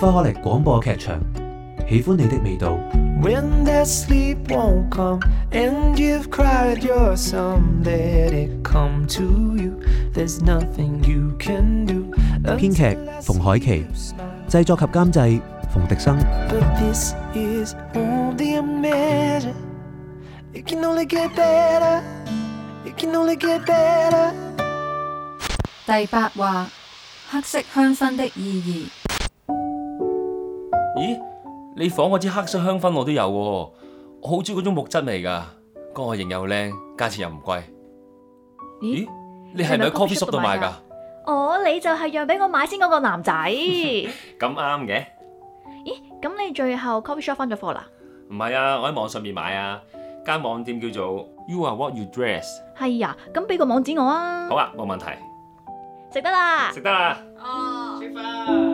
花花力廣播劇場，喜歡你的味道。編劇馮海琪，製作及監製馮迪生。But this is can only get better can only get better 第八話：黑色香薰的意義。咦，你房嗰支黑色香薰我都有喎、啊，我好中意嗰種木質味噶，個外形又靚，價錢又唔貴。咦，你係咪喺 Coffee Shop 度買噶？哦，你就係讓俾我買先嗰個男仔。咁啱嘅。咦，咁你最後 Coffee Shop 翻咗貨啦？唔係啊，我喺網上面買啊，間網店叫做 You Are What You Dress。係啊，咁俾個網址我啊。好啊，冇問題。食得啦。食得啦。哦。食飯。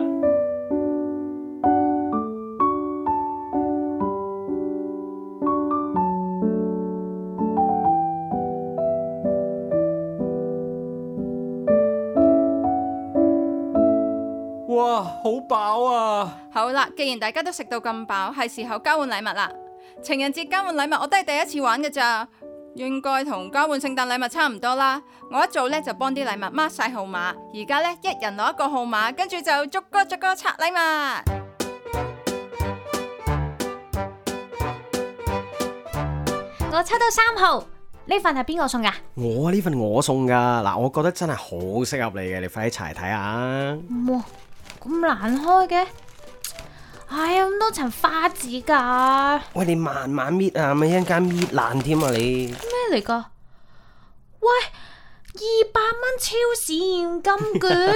哇、啊，好飽啊！好啦，既然大家都食到咁飽，係時候交換禮物啦。情人節交換禮物，我都係第一次玩噶咋，應該同交換聖誕禮物差唔多啦。我一早呢就幫啲禮物 mark 晒號碼，而家呢，一人攞一個號碼，跟住就逐個逐個拆禮物。我抽到三號，呢份係邊個送噶？我，呢份我送噶嗱，我覺得真係好適合你嘅，你快啲一齊睇下。咁難開嘅，哎呀，咁多層花紙噶啊。喂，你慢慢搣啊，咪一陣間搣爛添啊你。咩嚟噶？喂，二百蚊超市現金券。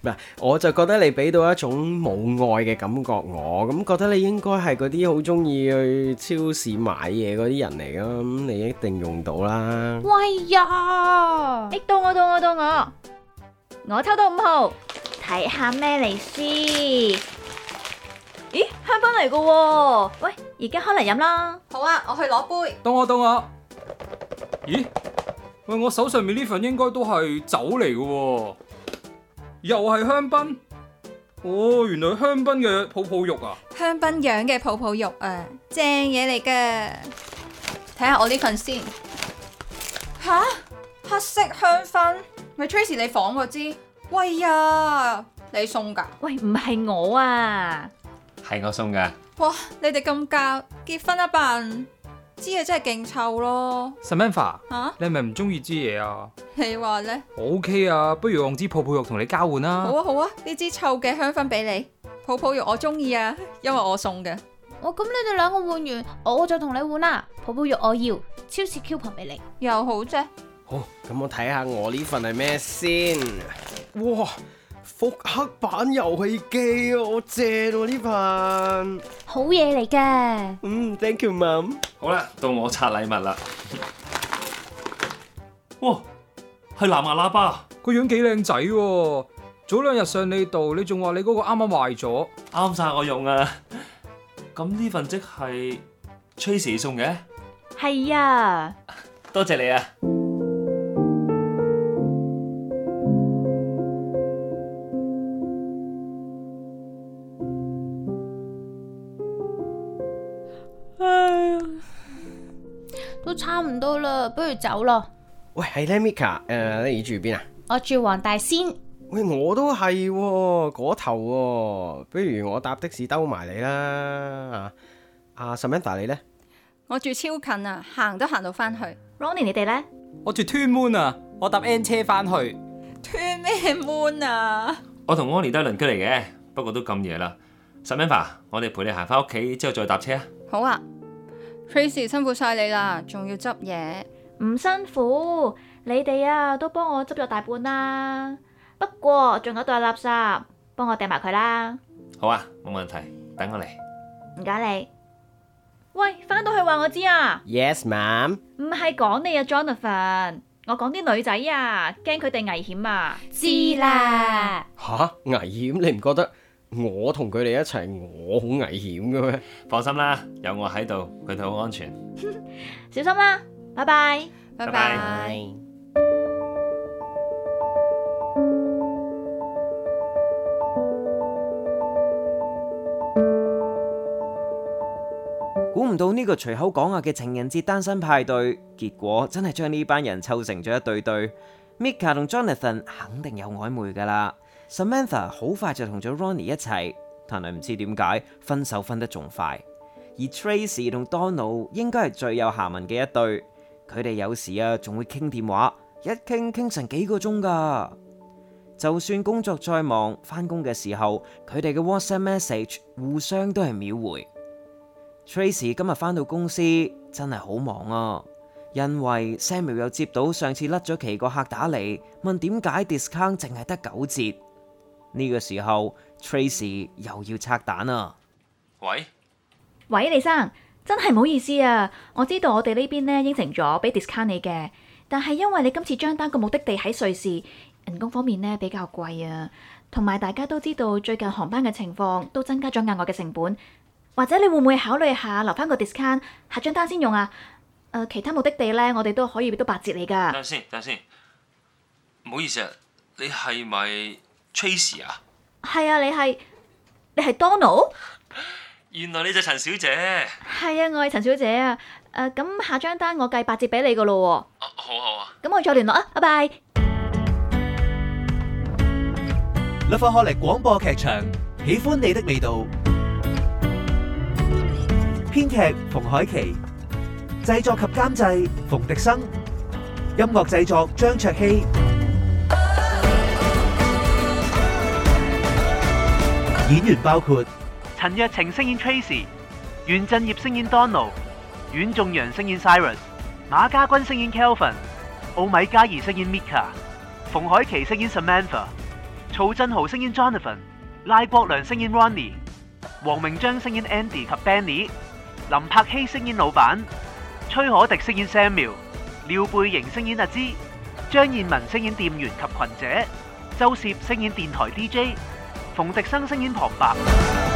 唔 係，我就覺得你俾到一種冇愛嘅感覺我，咁覺得你應該係嗰啲好中意去超市買嘢嗰啲人嚟咯，咁你一定用到啦。喂呀！益到我到我到我，我抽到五號。睇下咩嚟先？咦，香檳嚟嘅喎！喂，而家開嚟飲啦。好啊，我去攞杯。等我等我。咦？喂，我手上面呢份應該都係酒嚟嘅喎，又係香檳。哦，原來香檳嘅泡泡肉啊！香檳樣嘅泡泡肉啊，正嘢嚟㗎。睇下我呢份先。吓，黑色香檳。咪 Tracy，你仿我支？喂呀，你送噶？喂，唔係我啊，係我送噶。哇，你哋咁搞結婚啊？笨，支嘢真係勁臭咯。Samantha，吓，你係咪唔中意支嘢啊？你話咧？OK 啊，不如用支泡泡浴同你交換啦。好啊好啊，呢支臭嘅香薰俾你，泡泡浴我中意啊，因為我送嘅。哦，咁，你哋兩個換完，我再同你換啦、啊。泡泡浴我要，超市 coupon 俾你又好啫。好，咁我睇下我呢份係咩先。哇，復刻版遊戲機，我借到呢份好、啊，好嘢嚟嘅。嗯，thank you mom，好啦，到我拆禮物啦。哇，係藍牙喇叭，個樣幾靚仔。早兩日上你度，你仲話你嗰個啱啱壞咗，啱晒我用啊。咁呢份即係 Tracy 送嘅，係啊，多謝你啊。都差唔多啦，不如走咯。喂，係咧，Mika，誒、uh,，你住邊啊？我住黃大仙。喂，我都係、啊，嗰、那個、頭、啊。不如我搭的士兜埋、uh, 你啦，啊，阿 Samantha 你咧？我住超近啊，行都行到翻去。Ronnie 你哋咧？我住 Twin Moon 啊，我搭 N 車翻去。Twin 咩 Moon 啊？我同 Ronnie 都係鄰居嚟嘅，不過都咁夜啦。Samantha 我哋陪你行翻屋企，之後再搭車啊。好啊。Tracey 辛苦晒你啦，仲要執嘢，唔辛苦。你哋啊都幫我執咗大半啦，不過仲有袋垃圾，幫我掟埋佢啦。好啊，冇問題，等我嚟。唔該你。喂，翻到去話我知啊。Yes, ma'am。唔係講你啊，Jonathan，我講啲女仔啊，驚佢哋危險啊。知啦。吓？危險？你唔覺得？我同佢哋一齊，我好危險嘅咩？放心啦，有我喺度，佢哋好安全。小心啦，拜拜，拜拜。估唔到呢個隨口講下嘅情人節單身派對，結果真係將呢班人湊成咗一對對。Mika 同 Jonathan 肯定有曖昧噶啦。Samantha 好快就同咗 Ronnie 一齊，但係唔知點解分手分得仲快。而 Tracy 同 Donald 應該係最有下文嘅一對，佢哋有時啊仲會傾電話，一傾傾成幾個鐘噶。就算工作再忙，翻工嘅時候，佢哋嘅 WhatsApp message 互相都係秒回。Tracy 今日翻到公司真係好忙啊，因為 Samuel 又接到上次甩咗期個客打嚟，問點解 discount 淨係得九折。呢、這個時候，Tracey 又要拆彈啦。喂，喂，李生，真係唔好意思啊。我知道我哋呢邊呢應承咗俾 discount 你嘅，但係因為你今次張單個目的地喺瑞士，人工方面呢比較貴啊，同埋大家都知道最近航班嘅情況都增加咗額外嘅成本，或者你會唔會考慮下留翻個 discount 下張單先用啊？誒、呃，其他目的地咧，我哋都可以俾到八折你噶。等下先，等下先，唔好意思啊，你係咪？Tracey 啊，係啊，你係你係 Donald，原來你就陳小姐，係啊，我係陳小姐啊，誒，咁下張單我計八折俾你噶咯。哦，好啊，咁我哋再聯絡啊，拜拜。扭翻開嚟廣播劇場，喜歡你的味道，編劇馮海琪，製作及監製馮迪生，音樂製作張卓希。演員包括陳若晴飾演 Tracy、袁振業飾演 Donald、阮仲洋飾演 Sirus、馬家軍飾演 Kelvin、歐米加怡飾演 Mika、馮海琪飾演 Samantha、曹振豪飾演 Jonathan、賴國良飾演 Ronnie、黃明章飾演 Andy 及 Benny、林柏希飾演老闆、崔可迪飾演 Samuel、廖貝瑩飾演阿芝、張燕文飾演店員及群姐、周攝飾演電台 DJ。馮迪生聲演旁白。